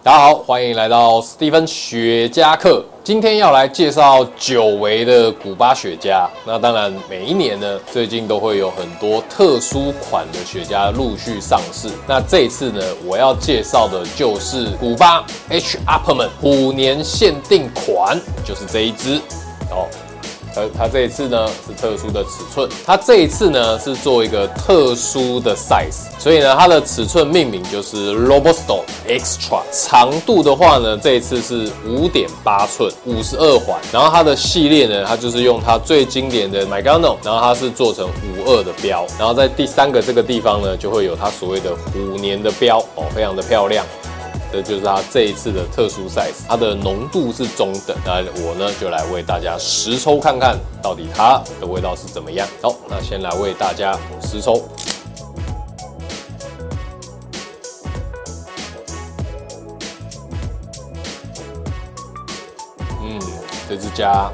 大家好，歡迎來到 Steven 雪茄客。今天要來介紹久違的古巴雪茄。那當然，每一年呢，最近都會有很多特殊款的雪茄陸續上市。那這次呢，我要介紹的就是古巴 H. Upmann 虎年限定款，就是這一支。好。它這一次呢是特殊的尺寸，它這一次呢是做一個特殊的 size，所以呢它的尺寸命名就是 Robusto Extra。長度的話呢，這一次是五點八寸，五十二環。然後它的系列呢，它就是用它最經典的 Magnum，然後它是做成五二的標，然後在第三個這個地方呢，就會有它所謂的虎年的標哦，非常的漂亮。這就是它這一次的特殊 size，它的濃度是中等。那我呢，就來為大家實抽看看，到底它的味道是怎麼樣。好，那先來為大家實抽。嗯，這只茄。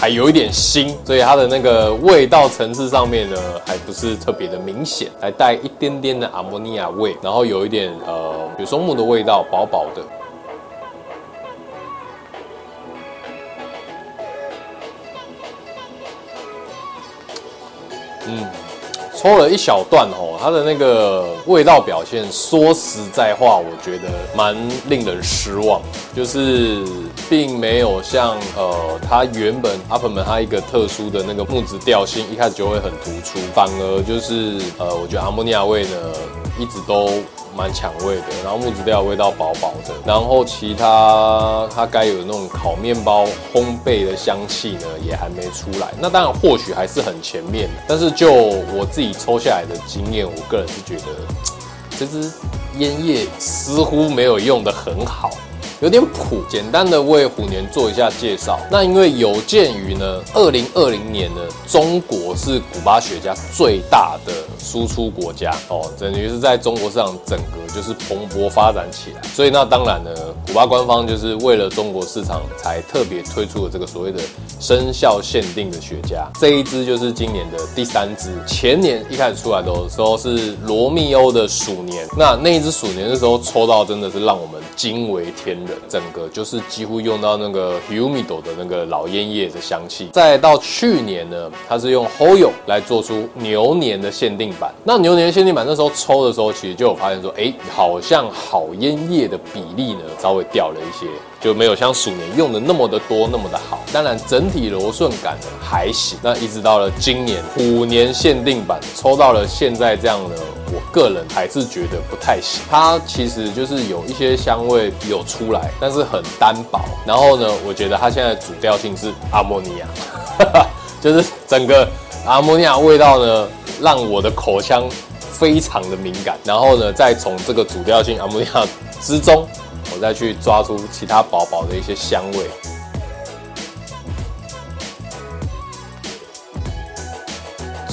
還有一點腥，所以它的那個味道層次上面呢，還不是特別的明顯，還帶一點點的阿摩尼亞味，然後有一點呃雪松木的味道，薄薄的，嗯。抽了一小段吼，它的那個味道表現，說實在話，我覺得蠻令人失望，就是並沒有像呃，它原本 Upmann 它一個特殊的那個木質調性，一開始就會很突出，反而就是呃，我覺得阿摩尼亞味的。一直都蠻搶味的，然後木質調味道薄薄的，然後其他它該有的那種烤麵包烘焙的香氣呢，也還沒出來。那當然或許還是很前面，但是就我自己抽下來的經驗，我個人是覺得這支煙葉似乎沒有用得很好。有點苦，簡單的為虎年做一下介紹。那因為有鑑於呢，二零二零年的中國是古巴雪茄最大的輸出國家哦，等於是在中國市場整個就是蓬勃發展起來。所以那當然呢，古巴官方就是為了中國市場才特別推出了這個所謂的生肖限定的雪茄。這一支就是今年的第三支，前年一開始出來的時候是羅密歐的鼠年，那那一支鼠年的時候抽到真的是讓我們驚為天。整個就是幾乎用到那個 Humidor 的那個老菸葉的香氣，再到去年呢，它是用 Hoyo 來做出牛年的限定版。那牛年限定版那時候抽的時候，其實就有發現說，哎，好像好菸葉的比例呢稍微掉了一些，就沒有像鼠年用的那麼的多，那麼的好。當然，整體柔順感呢還行。那一直到了今年虎年限定版，抽到了現在這樣的。個人還是覺得不太行，它其實就是有一些香味有出來，但是很單薄。然後呢，我覺得它現在的主調性是阿摩尼亞，就是整個阿摩尼亞味道呢，讓我的口腔非常的敏感。然後呢，再從這個主調性阿摩尼亞之中，我再去抓出其他薄薄的一些香味。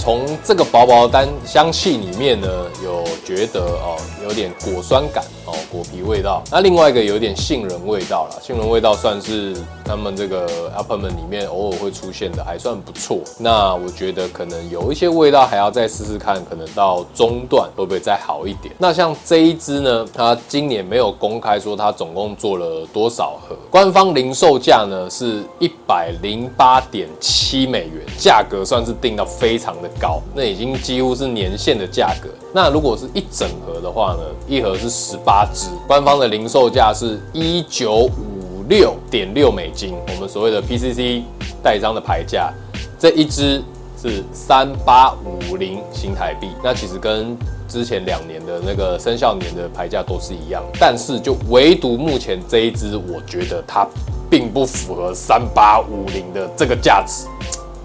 從這個薄薄的單香氣裡面呢，有覺得哦，有點果酸感哦，果皮味道。那另外一個有點杏仁味道了，杏仁味道算是。那麼這個 Upmann 裡面偶爾會出現的還算不錯。那我覺得可能有一些味道還要再試試看，可能到中段會不會再好一點？那像這一支呢，它今年沒有公開說它總共做了多少盒，官方零售價呢是一百零八點七美元，價格算是定到非常的高，那已經幾乎是年限的價格。那如果是一整盒的話呢，一盒是十八支，官方的零售價是一九五。六點六美金，我們所謂的 PCC 帶章的牌價，這一支是三八五零新台幣，那其實跟之前兩年的那個生肖年的牌價都是一樣，但是就唯獨目前這一支，我覺得它並不符合三八五零的這個價值，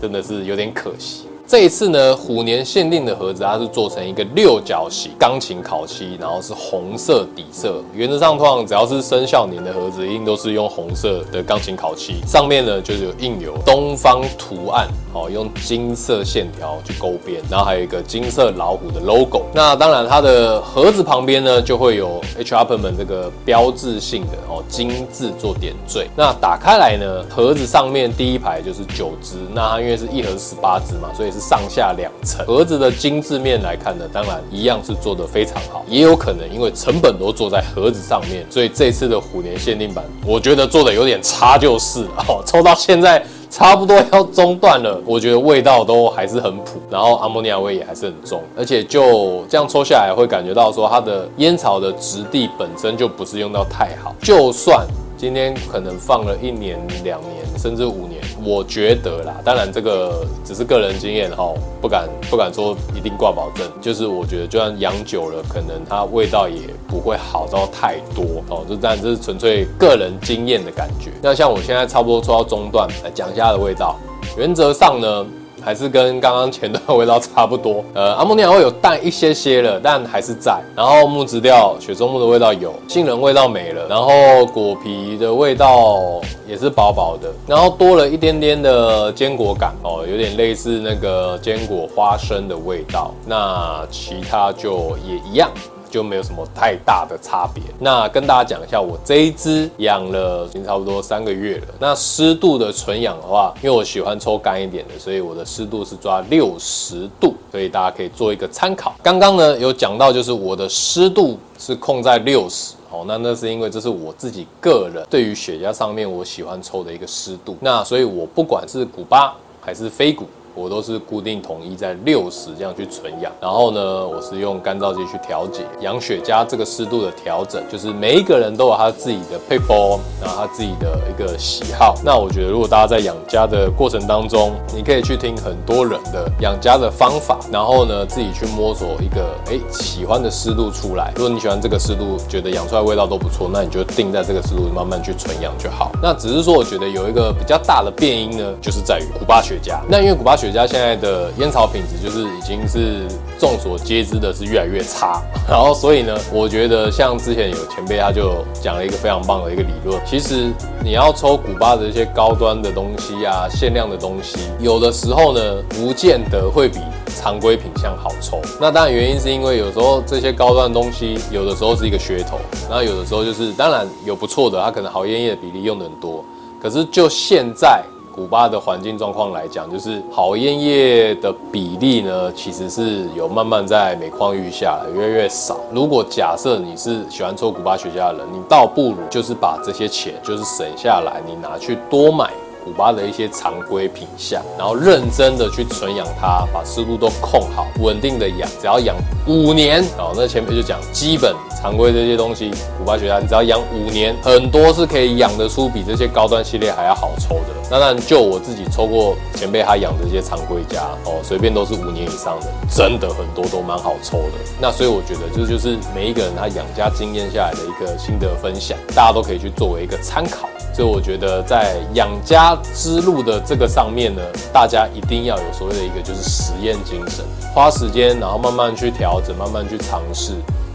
真的是有點可惜。這一次呢，虎年限定的盒子，它是做成一個六角形鋼琴烤漆，然後是紅色底色。原則上，通常只要是生肖年的盒子，一定都是用紅色的鋼琴烤漆。上面呢，就是有印有東方圖案，好、哦、用金色線條去勾邊，然後還有一個金色老虎的 logo。那當然，它的盒子旁邊呢，就會有 H. Upmann 這個標誌性的哦金字做點綴。那打開來呢，盒子上面第一排就是九只，那它因為是一盒十八只嘛，所以是。上下兩層盒子的精緻面來看呢，當然一樣是做的非常好。也有可能因為成本都做在盒子上面，所以這次的虎年限定版，我覺得做的有點差，就是哦，抽到現在差不多要中段了。我覺得味道都還是很普，然後阿摩尼亞味也還是很重，而且就這樣抽下來會感覺到說它的煙草的質地本身就不是用到太好，就算今天可能放了一年、兩年甚至五年。我覺得啦，當然這個只是個人經驗哈，不敢不敢說一定掛保證。就是我覺得，就算養久了，可能它味道也不會好到太多哦。就當然這是純粹個人經驗的感覺。那像我現在差不多抽到中段，來講一下它的味道。原則上呢。還是跟剛剛前段的味道差不多，呃，阿摩尼亞會有淡一些些了，但還是在。然後木質調、雪松木的味道有，杏仁味道沒了，然後果皮的味道也是薄薄的，然後多了一點點的堅果感哦，有點類似那個堅果花生的味道。那其他就也一樣。就沒有什麼太大的差別。那跟大家講一下，我這一支養了已經差不多三個月了。那濕度的純養的話，因為我喜歡抽乾一點的，所以我的濕度是抓六十度，所以大家可以做一個參考。剛剛呢有講到，就是我的濕度是控在六十哦。那那是因為這是我自己個人對於雪茄上面我喜歡抽的一個濕度。那所以我不管是古巴還是非古。我都是固定統一在六十這樣去存養，然後呢，我是用乾燥劑去調節養雪茄這個濕度的調整，就是每一個人都有他自己的配方，然後他自己的一個喜好。那我覺得，如果大家在養家的過程當中，你可以去聽很多人的養家的方法，然後呢，自己去摸索一個哎喜歡的濕度出來。如果你喜歡這個濕度，覺得養出來的味道都不錯，那你就定在這個濕度慢慢去存養就好。那只是說，我覺得有一個比較大的變因呢，就是在於古巴雪茄，那因為古巴。雪茄現在的菸草品質就是已經是眾所皆知的是越來越差，然後所以呢，我覺得像之前有前輩他就講了一個非常棒的一個理論，其實你要抽古巴的一些高端的東西啊，限量的東西，有的時候呢，不見得會比常規品項好抽。那當然原因是因為有時候這些高端的東西有的時候是一個噱頭，然後有的時候就是當然有不錯的、啊，它可能好菸葉的比例用的很多，可是就現在。古巴的環境狀況來講，就是好菸葉的比例呢，其實是有慢慢在每況愈下，越來越少。如果假設你是喜歡抽古巴雪茄的人，你倒不如就是把這些錢，就是省下來，你拿去多買。古巴的一些常規品相，然後認真的去存養它，把濕度都控好，穩定的養，只要養五年哦、喔。那前面就講，基本常規這些東西，古巴雪茄你只要養五年，很多是可以養得出比這些高端系列還要好抽的。當然，就我自己抽過前輩他養的這些常規茄哦，隨便都是五年以上的，真的很多都蠻好抽的。那所以我覺得，這就是每一個人他養茄經驗下來的一個心得分享，大家都可以去作為一個參考。所以我覺得在養茄。它之路的這個上面呢，大家一定要有所謂的一個就是實驗精神，花時間，然後慢慢去調整，慢慢去嘗試，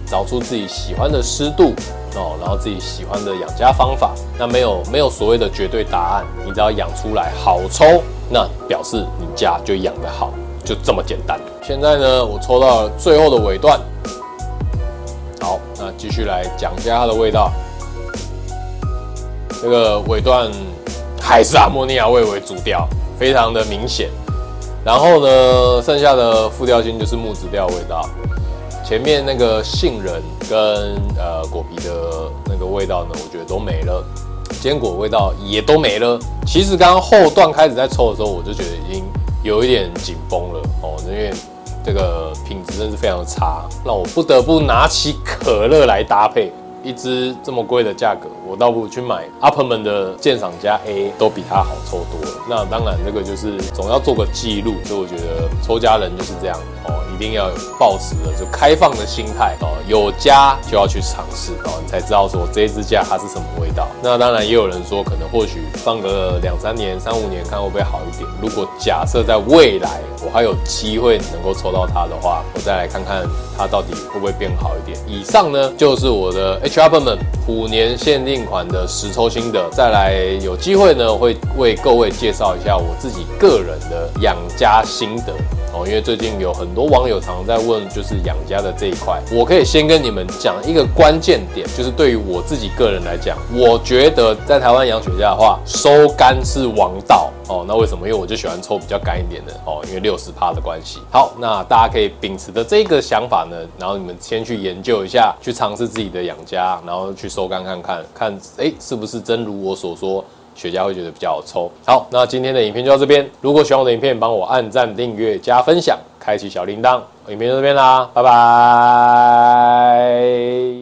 找出自己喜歡的濕度哦，然後自己喜歡的養家方法。那沒有沒有所謂的絕對答案，你只要養出來好抽，那表示你家就養得好，就這麼簡單。現在呢，我抽到了最後的尾段，好，那繼續來講一下它的味道，這個尾段。還是阿莫尼亞味為主調，非常的明顯。然後呢，剩下的副調性就是木質調味道。前面那個杏仁跟呃果皮的那個味道呢，我覺得都沒了，堅果味道也都沒了。其實剛剛後段開始在抽的時候，我就覺得已經有一點緊繃了哦，因為這個品質真的是非常的差，那我不得不拿起可樂來搭配。一支這麼貴的價格，我倒不如去買 Upmann 的鑑賞家 A 都比它好抽多了。那當然，這個就是總要做個記錄，所以我覺得抽家人就是這樣哦。一定要有抱持的，就開放的心態哦，有茄就要去嘗試哦，你才知道說這支茄它是什麼味道。那當然也有人說，可能或許放個兩三年、三五年看會不會好一點。如果假設在未來我還有機會能夠抽到它的話，我再來看看它到底會不會變好一點。以上呢就是我的 H. Upmann 虎年限定款的實抽心得，再來有機會呢會為各位介紹一下我自己個人的養茄心得哦、喔，因為最近有很多網。有常，常在問，就是養家的這一塊，我可以先跟你們講一個關鍵點，就是對於我自己個人來講，我覺得在台灣養雪茄的話，收乾是王道哦。那為什麼？因為我就喜歡抽比較乾一點的哦，因為六十趴的關係。好，那大家可以秉持著這個想法呢，然後你們先去研究一下，去嘗試自己的養家，然後去收乾看看，看誒是不是真如我所說。雪茄會覺得比較好抽。好，那今天的影片就到這邊。如果喜歡我的影片，幫我按讚、訂閱、加分享，開啟小鈴鐺。影片就這邊啦，拜拜。